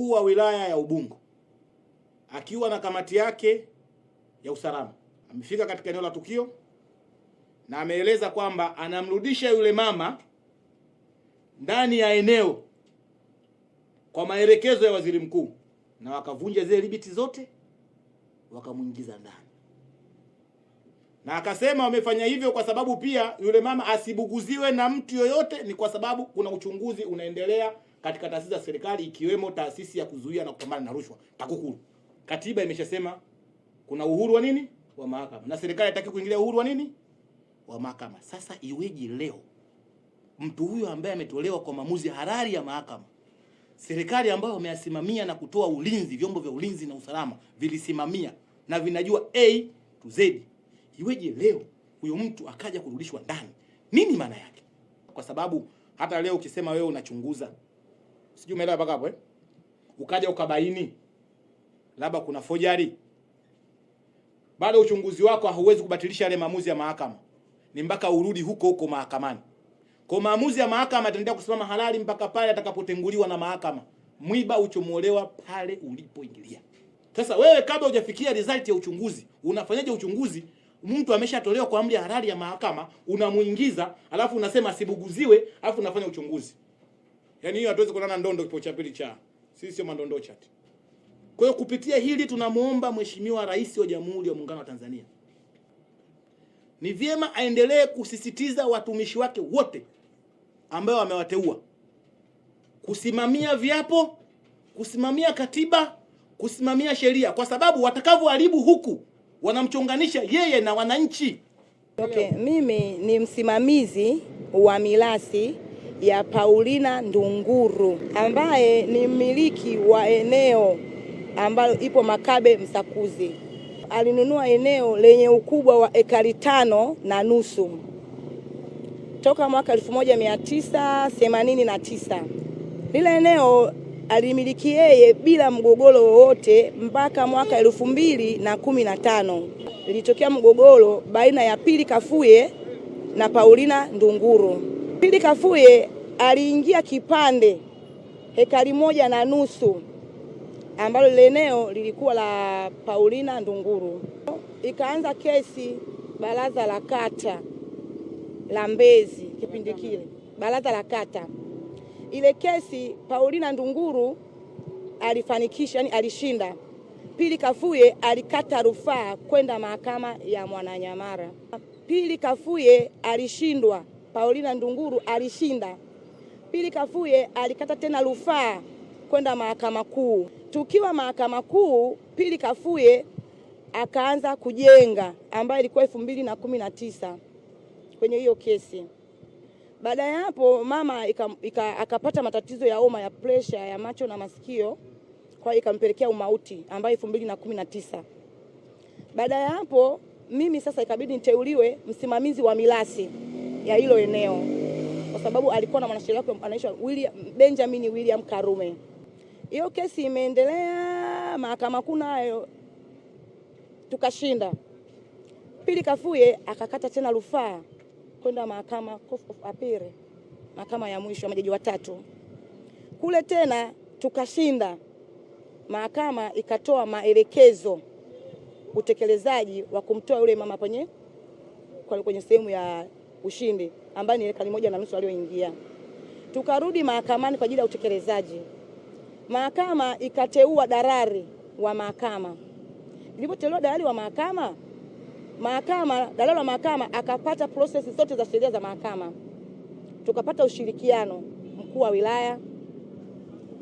mkuu wa wilaya ya Ubungo akiwa na kamati yake ya usalama amefika katika eneo la tukio na ameeleza kwamba anamrudisha yule mama ndani ya eneo kwa maelekezo ya waziri mkuu, na wakavunja zile libiti zote wakamwingiza ndani, na akasema wamefanya hivyo kwa sababu pia yule mama asibuguziwe na mtu yoyote, ni kwa sababu kuna uchunguzi unaendelea katika taasisi za serikali ikiwemo taasisi ya kuzuia na kupambana na rushwa TAKUKURU. Katiba imeshasema kuna uhuru wa nini wa mahakama, na serikali haitaki kuingilia uhuru wa nini wa mahakama. Sasa iweje leo mtu huyo ambaye ametolewa kwa maamuzi halali ya mahakama, serikali ambayo wameyasimamia na kutoa ulinzi, vyombo vya ulinzi na usalama vilisimamia na vinajua A to Z, iweje leo huyo mtu akaja kurudishwa ndani? Nini maana yake? Kwa sababu hata leo ukisema wewe unachunguza Sijui umeelewa mpaka hapo eh? Ukaja ukabaini labda kuna forgery. Bado uchunguzi wako hauwezi kubatilisha yale maamuzi ya mahakama. Ni mpaka urudi huko huko mahakamani. Kwa maamuzi ya mahakama yataendelea kusimama halali mpaka pale atakapotenguliwa na mahakama. Mwiba uchomolewa pale ulipoingilia. Sasa wewe kabla hujafikia result ya uchunguzi, unafanyaje uchunguzi? Mtu ameshatolewa kwa amri ya halali ya mahakama, unamuingiza, alafu unasema asibuguziwe, alafu unafanya uchunguzi. Yaani hiyo hatuwezi kuonana ndondo kipo cha pili cha. Sisi sio mandondo chat. Kwa hiyo kupitia hili tunamuomba Mheshimiwa Rais wa Jamhuri ya Muungano wa Tanzania ni vyema aendelee kusisitiza watumishi wake wote ambao amewateua kusimamia viapo, kusimamia katiba, kusimamia sheria, kwa sababu watakavyoharibu huku wanamchonganisha yeye na wananchi. Okay, mimi ni msimamizi wa mirathi ya Paulina Ndunguru ambaye ni mmiliki wa eneo ambalo ipo Makabe Msakuzi. Alinunua eneo lenye ukubwa wa ekari tano na nusu toka mwaka 1989. Lile eneo alimiliki yeye bila mgogoro wowote mpaka mwaka elfu mbili na kumi na tano ilitokea mgogoro baina ya Pili Kafuye na Paulina Ndunguru. Pili Kafuye aliingia kipande hekari moja na nusu ambalo lile eneo lilikuwa la Paulina Ndunguru. Ikaanza kesi baraza la kata la Mbezi kipindi kile, baraza la kata ile kesi Paulina Ndunguru alifanikisha, yani alishinda. Pili Kafuye alikata rufaa kwenda mahakama ya Mwananyamara. Pili Kafuye alishindwa. Paulina Ndunguru alishinda. Pili Kafuye alikata tena rufaa kwenda mahakama kuu. Tukiwa mahakama kuu, Pili Kafuye akaanza kujenga ambayo ilikuwa elfu mbili na kumi na tisa kwenye hiyo kesi. Baada ya hapo mama ika, ika, akapata matatizo ya homa ya presha ya macho na masikio, kwa ikampelekea umauti ambayo elfu mbili na kumi na tisa. Baada ya hapo mimi sasa ikabidi niteuliwe msimamizi wa mirasi ya hilo eneo, kwa sababu alikuwa na mwanasheria wake anaitwa William, Benjamin William Karume. Hiyo kesi imeendelea mahakama kuu nayo tukashinda. Pili Kafuye akakata tena rufaa kwenda mahakama Court of Appeal, mahakama ya mwisho ya majaji watatu kule tena tukashinda. Mahakama ikatoa maelekezo utekelezaji wa kumtoa yule mama kwenye kwenye sehemu ya ushindi ambayo ni ekari moja na nusu walioingia. Tukarudi mahakamani kwa ajili ya utekelezaji. Mahakama ikateua darari wa mahakama. Ilipoteuliwa darari wa mahakama mahakama darari wa mahakama akapata prosesi zote za sheria za mahakama, tukapata ushirikiano mkuu wa wilaya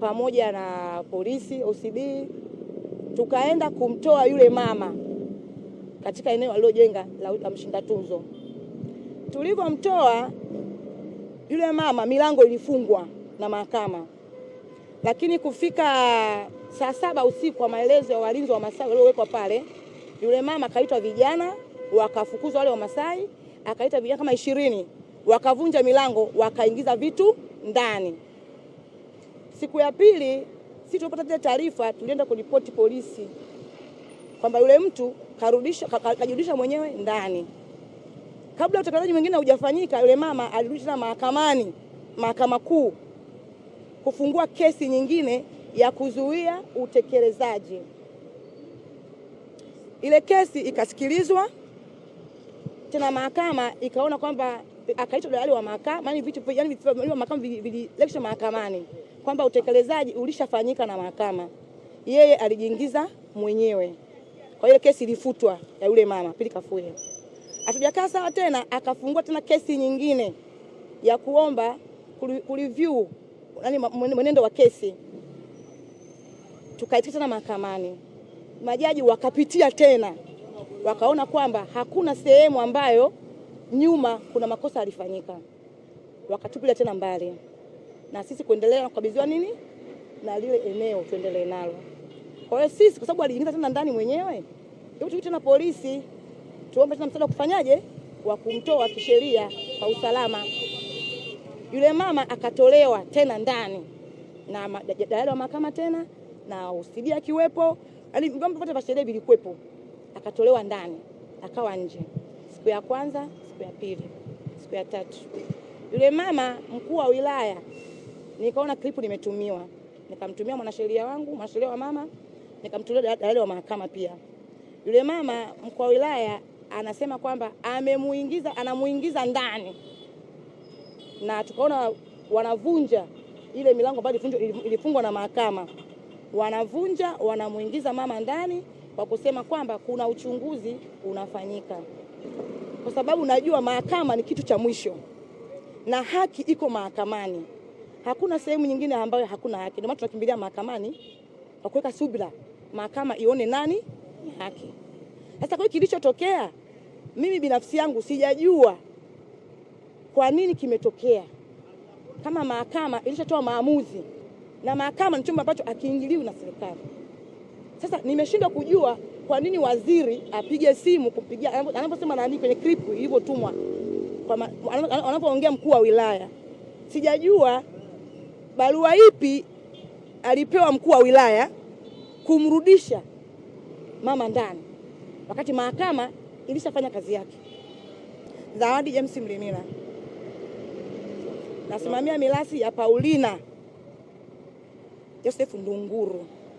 pamoja na polisi OCD, tukaenda kumtoa yule mama katika eneo alilojenga la mshinda tuzo. Tulivyomtoa yule mama, milango ilifungwa na mahakama, lakini kufika saa saba usiku, kwa maelezo ya walinzi wa Masai waliowekwa pale, yule mama akaitwa vijana, wakafukuzwa wale wa Masai, akaita vijana kama ishirini, wakavunja milango, wakaingiza vitu ndani. Siku ya pili sisi tulipata zile taarifa, tulienda kuripoti polisi kwamba yule mtu karudisha kajirudisha mwenyewe ndani. Kabla utekelezaji mwingine haujafanyika, yule mama alirudi tena mahakamani, mahakama kuu kufungua kesi nyingine ya kuzuia utekelezaji. Ile kesi ikasikilizwa tena, mahakama ikaona kwamba akaitwa dalali wa mahakama, yani vitu yani mahakama vililekshwa mahakamani kwamba utekelezaji ulishafanyika na mahakama, yeye alijiingiza mwenyewe. Kwa hiyo kesi ilifutwa ya yule mama Pili Kafuye hatujakaa sawa tena, akafungua tena kesi nyingine ya kuomba kureview nani mwenendo wa kesi, tukaitika tena mahakamani, majaji wakapitia tena, wakaona kwamba hakuna sehemu ambayo nyuma kuna makosa yalifanyika, wakatupilia tena mbali na sisi kuendelea na kukabidhiwa nini na lile eneo tuendelee nalo. Kwa hiyo sisi, kwa sababu aliingiza tena ndani mwenyewe, hebu tuite na polisi tuombe tuna msaada kufanyaje wa kumtoa kisheria kwa usalama. Yule mama akatolewa tena ndani na dada wa mahakama tena na usidi akiwepo, yani vyombo vyote vya sheria vilikuwepo. Akatolewa ndani akawa nje, siku ya kwanza, siku ya pili, siku ya tatu. Yule mama mkuu wa wilaya, nikaona klipu nimetumiwa, nikamtumia mwanasheria wangu, mwanasheria wa mama, nikamtumia dalali wa mahakama pia. Yule mama mkuu wa wilaya anasema kwamba amemuingiza, anamuingiza ndani, na tukaona wanavunja ile milango ambayo ilifungwa na mahakama, wanavunja wanamuingiza mama ndani kwa kusema kwamba kuna uchunguzi unafanyika, kwa sababu najua mahakama ni kitu cha mwisho na haki iko mahakamani. Hakuna sehemu nyingine ambayo hakuna haki. Ndio maana tunakimbilia mahakamani kwa kuweka subira, mahakama ione nani ni haki. Sasa kwa kilichotokea mimi binafsi yangu sijajua kwa nini kimetokea, kama mahakama ilishatoa maamuzi, na mahakama ni chombo ambacho akiingiliwi na serikali. Sasa nimeshindwa kujua kwa nini waziri apige simu kupigia anaposema nani kwenye clip ilivyotumwa, anapoongea mkuu wa wilaya, sijajua barua ipi alipewa mkuu wa wilaya kumrudisha mama ndani wakati mahakama ilishafanya kazi yake. Zawadi James Mlimila, nasimamia mirasi ya Paulina Joseph Ndunguru.